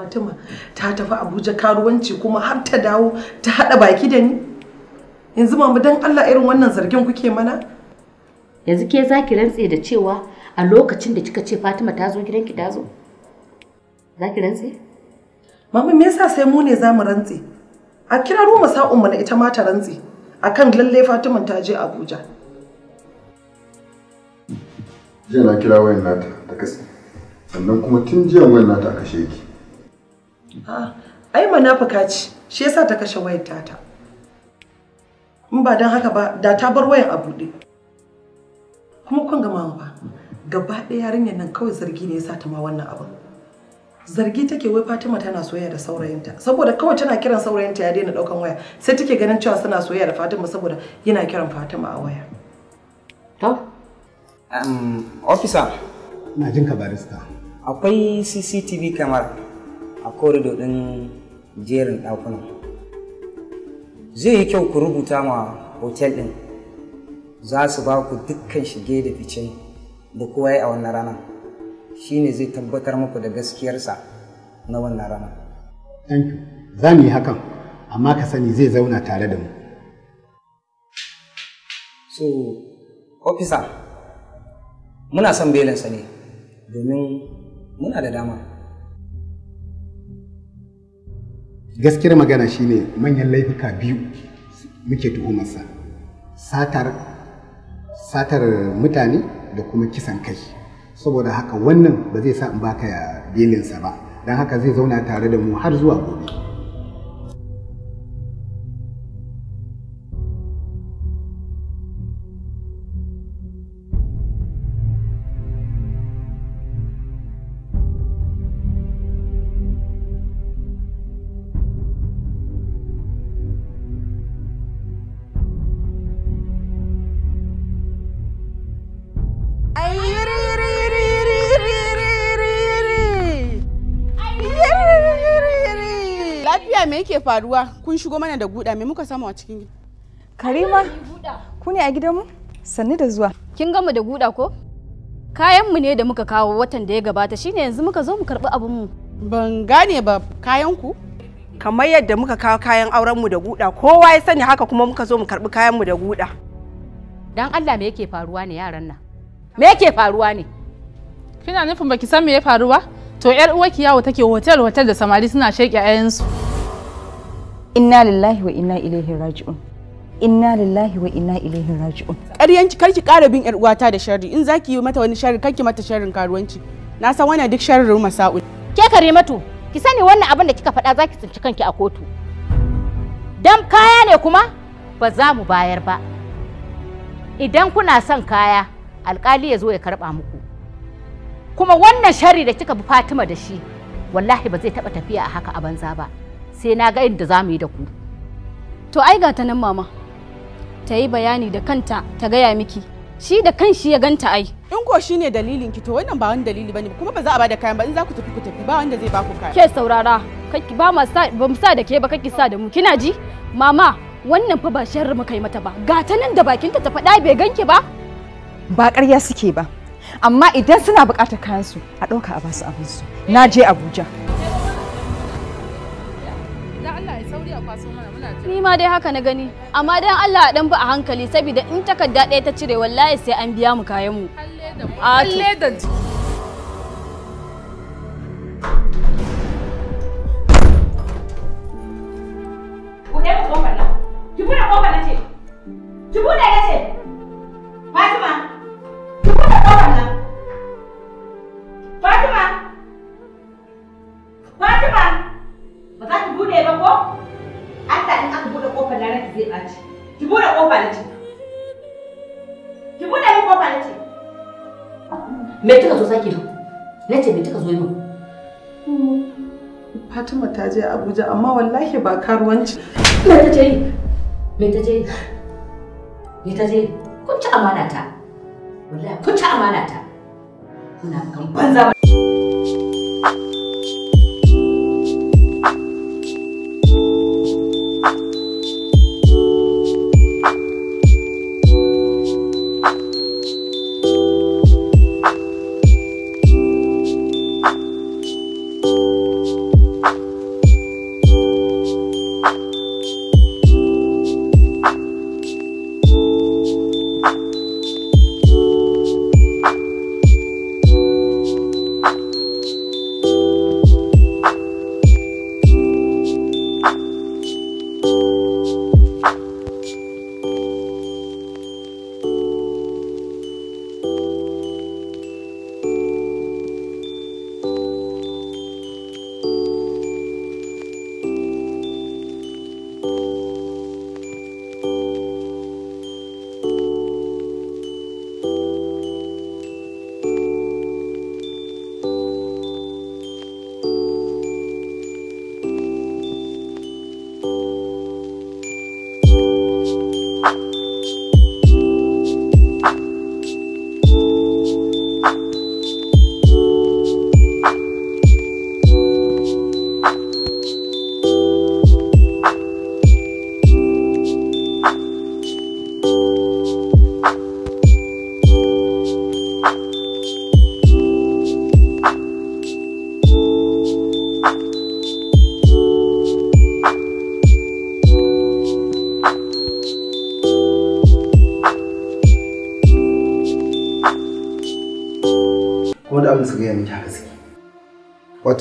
Fatima ta tafi Abuja karuwanci kuma har ta dawo ta haɗa baki da ni? Yanzu ma dan Allah irin wannan zargin kuke mana? Yanzu ke za ki rantse da cewa a lokacin da kika ce Fatima ta zo gidanki ta zo? Za ki rantse? Mama me yasa sai mu ne za mu rantse? A kira Ruma sa'unmu na ita ma ta rantse akan lalle Fatima ta je Abuja. Jiya na kira wayan nata da kasi. Sannan kuma tun jiya wayan nata a kashe ki. ai munafuka ce shi yasa ta kashe wayar tata in ba dan haka ba da ta bar wayar a buɗe kuma kun gama ba gaba ɗaya yarinyar nan kawai zargi ne yasa ta ma wannan abin zargi take wai Fatima tana soyayya da saurayinta saboda kawai tana kiran saurayinta ya daina daukan waya sai take ganin cewa suna soyayya da Fatima saboda yana kiran Fatima a waya to um officer na jin ka barista akwai CCTV camera a korido ɗin jerin ɗakunan zai yi kyau ku rubuta ma hotel din za su ba ku dukkan shige da fice da kowa a wannan rana shine zai tabbatar muku da gaskiyarsa na wannan rana thank you za mu yi hakan amma ka sani zai zauna tare da mu so officer muna son belinsa ne domin muna da dama gaskiyar magana shine manyan laifuka biyu muke tuhumarsa satar satar mutane da kuma kisan kai saboda haka wannan ba zai sa in baka belinsa ba don haka zai zauna tare da mu har zuwa gobe me yake faruwa kun shigo mana da guda me muka samu a cikin gida karima ku ne a gidanmu sanni da zuwa kin gama da guda ko kayan mu ne da muka kawo watan da ya gabata shine yanzu muka zo mu karbi mu. ban gane ba kayan ku kamar yadda muka kawo kayan auren mu da guda kowa ya sani haka kuma muka zo mu karbi mu da guda dan Allah me yake faruwa ne yaran nan me yake faruwa ne kina nufin baki san me ya faru ba to yar uwa kiyawo take hotel hotel da samari suna sheke ayansu inna lillahi wa inna ilaihi raji'un inna lillahi wa inna ilaihi raji'un ƙaryanci kar ki ƙara bin 'yar uwata da sharri in zaki yi mata wani sharri kar ki mata sharrin karuwanci na san wannan duk sharrin masa'u ke karimatu ki sani wannan abin da kika faɗa zaki tsinci kanki a kotu dan kaya ne kuma ba za mu bayar ba idan kuna son kaya alkali ya zo ya karɓa muku kuma wannan sharri da kika bi Fatima da shi wallahi ba zai taɓa tafiya a haka a banza ba sai na ga inda za mu yi da ku to ai ga ta nan mama ta yi bayani da kanta ta gaya miki shi da kan shi ya ganta ai in ko shine dalilin ki to wannan ba wani dalili bane kuma ba za a bada kayan ba in za ku tafi ku tafi ba wanda zai ku kayan ke saurara kake ba ma sa ba mu sa da ke ba kake sa da mu kina ji mama wannan fa ba sharri muka yi mata ba ga ta nan da bakinta ta faɗa bai ganki ba ba ƙarya suke ba amma idan suna buƙatar kayan su a ɗauka a basu abin su na je Abuja sauri Ni ma dai haka na gani. Amma dan Allah dan bi a hankali saboda in takarda ɗaya ta cire wallahi sai an biya mu kayan mu. Halle da da jiki. me kika zo saki na ce me kika zo yi mm, Fatima ta je Abuja amma wallahi ba karuwanci me ta je yi me ta je yi me ta je yi kun ci amana ta wallahi kun ci amana ta kan banza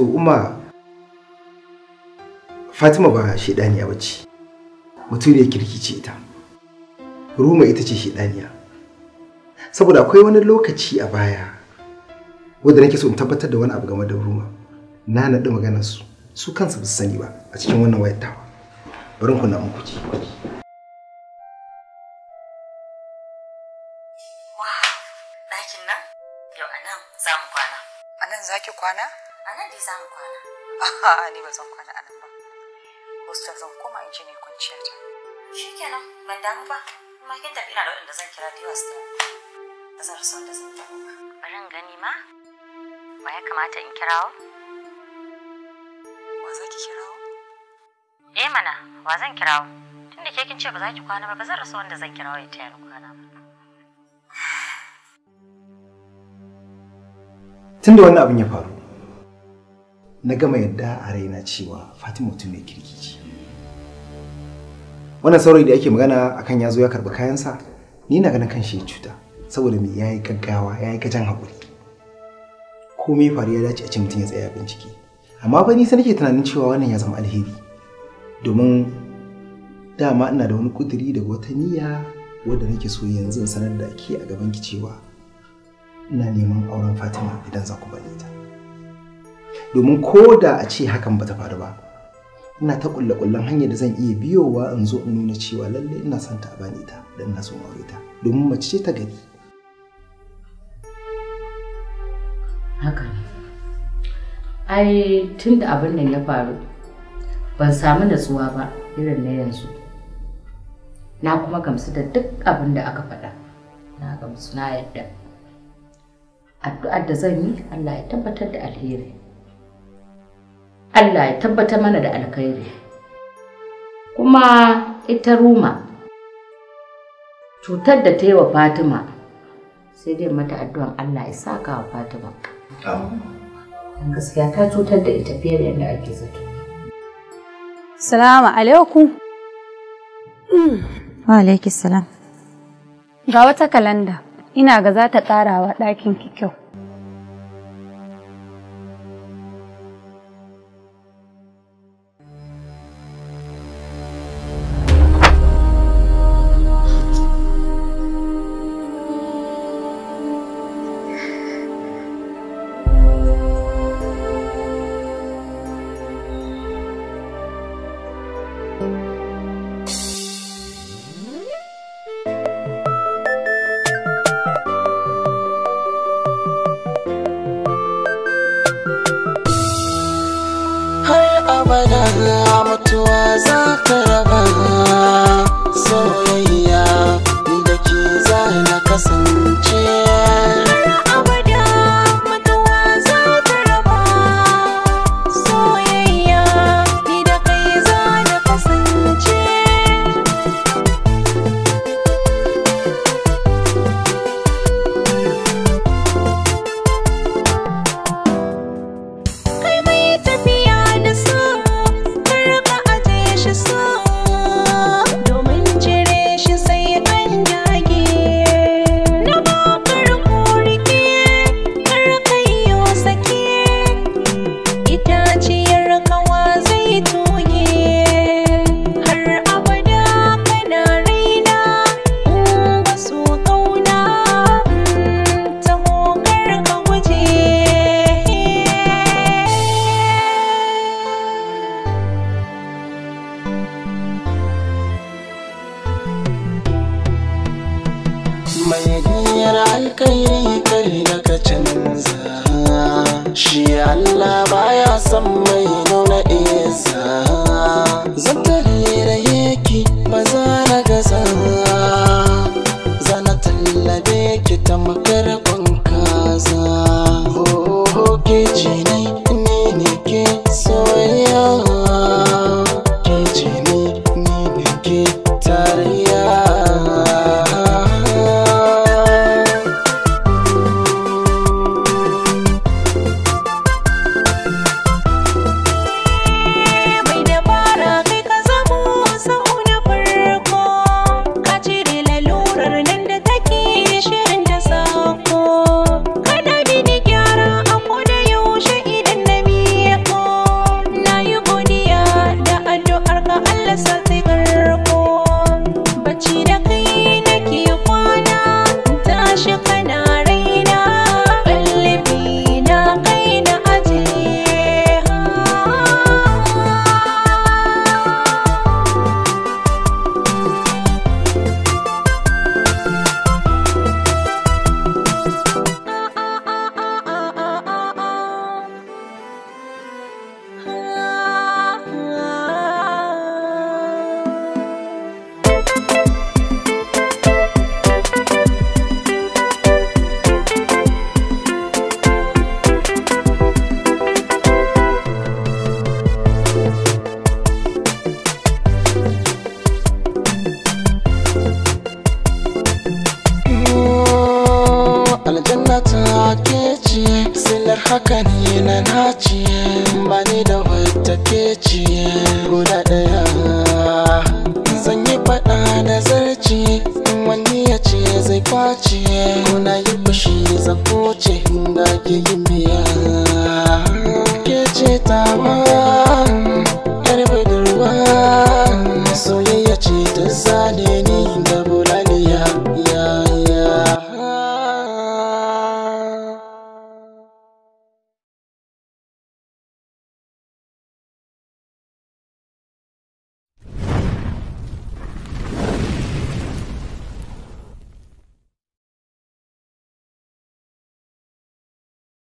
wato umma fatima ba shaidaniya ba ce mutuniyar kirki ce ita ruma ita ce shaidaniya saboda akwai wani lokaci a baya wanda nake so in tabbatar da wani abu game da ruma na naɗi maganar su su kansu ba su sani ba a cikin wannan wayar tawa bari ku na muku ji ɗakin nan yau anan za mu kwana anan za ki kwana a nan dai za mu kwana a'a ni ba zan kwana a nan ba hostel zan koma in ji ne kwanciya ta shikenan ban damu ba kuma kin tafi ina da waɗanda zan kira da yawa su ba zan rasa wanda zan tafi ba bari in gani ma wa ya kamata in kirawo wa za ki kirawo eh mana wa zan kirawo tunda ke kin ce ba za ki kwana ba ba zan rasa wanda zan kirawo ya taya ni kwana ba tunda wannan abin ya faru na gama yadda a raina cewa fatima mutum mai kirki ce wannan saurayi da ake magana akan ya zo ya karɓi kayansa ni na ganin kanshi ya cuta saboda me ya yi gaggawa ya yi gajan haƙuri komai faru ya dace a ce mutum ya tsaya bincike amma fa nisa nake tunanin cewa wannan ya zama alheri domin dama ina da wani kuduri da wata niyya wadda nake so yanzu sanar da ke a gaban ki cewa ina neman auren fatima idan za ku bane ta domin ko da a ce hakan ba ta faru ba ina ta kulle kullen hanyar da zan iya biyowa in zo in nuna cewa lalle ina son ta bani ita da ina son aure ta domin mace ce ta gani. haka ne ai tun da abin nan ya faru ban samu natsuwa ba irin na yanzu na kuma gamsu da duk abin da aka faɗa na gamsu na yadda addu'ar da zan yi Allah ya tabbatar da alheri Allah ya tabbata mana da alkhairi kuma ita ruma cutar da ta yi wa fatima sai dai mata addu'an Allah ya saka wa fatima gaskiya ta cutar da ita fiye da yadda ake zato salamu alaikum hmm. wa alaikis salam ga wata kalanda ina ga za ta ƙara wa ɗakin kyau kasuwa za ka raba soyayya shi Allah baya son mai nuna isa zantare da yake ba za na gaza zana tallabe ki ta makar ta ta ke silar haka ne na naci ba ni da wata ke ce guda daya zan yi fada da zarci wani ya ce zai kwace kuna yi fushi zan koce na ke yi miya ke ce ta ma yar budurwa soyayya ce ta zane